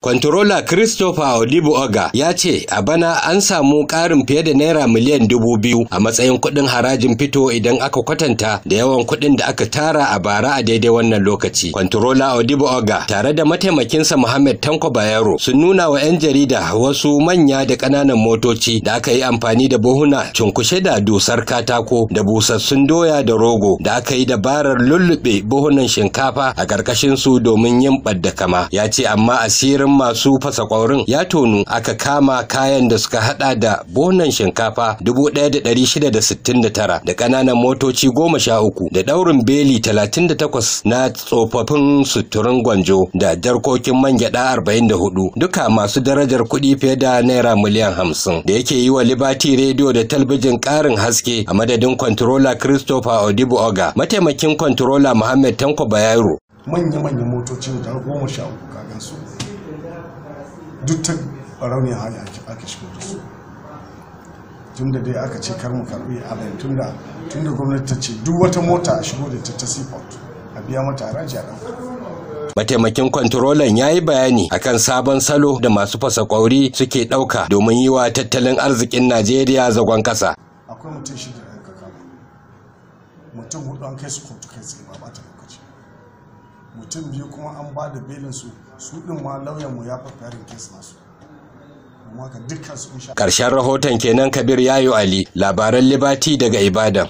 Kwantarola Christopher Odibo Oga ya ce a bana an samu ƙarin fiye da naira miliyan dubu biyu a matsayin kuɗin harajin fito idan aka kwatanta da yawan kuɗin da aka tara a bara a daidai wannan lokaci. Kwantarola Odibo Oga tare da mataimakinsa Muhammad Tanko Bayero sun nuna wa 'yan jarida wasu manya da ƙananan motoci da aka yi amfani da buhuna cunkushe da dusar katako da busassun doya da rogo da aka yi dabarar lullube buhunan shinkafa a ƙarƙashinsu domin yin ɓadda kama. Ya ce amma asirin masu fasa kwaurin ya tonu aka kama kayan da suka hada da bonan shinkafa 1669 da ƙananan motoci 13 da daurin beli 38 na tsofaffin suturin gwanjo da jarkokin man gyada 44 duka masu darajar kuɗi fiye da naira miliyan 50 da yake yi wa Libati Radio da talbijin ƙarin haske a madadin kwantarola Christopher Odibo Oga mataimakin kwantarola Muhammad Tanko Bayero manya-manyan motocin da goma sha uku kagan su duk ta barauniyar hali ake shigo da su tun da dai aka ce kar mu karbi alayin tun da tun da gwamnati ta ce duk wata mota a shigo da ta ta seaport a biya mata haraji a ɗauka mataimakin kwantarolan ya yi bayani akan sabon salo da masu fasa kwauri suke ɗauka domin yi wa tattalin arzikin najeriya zagon kasa. akwai mutum shi da mutum hudu an kai su kotu kai tsaye ba ta lokaci mutum biyu kuma an ba da belin su su din ma lauyan mu ya fafarin kes nasu karshen rahoton kenan kabir yayo ali labaran libati daga ibadan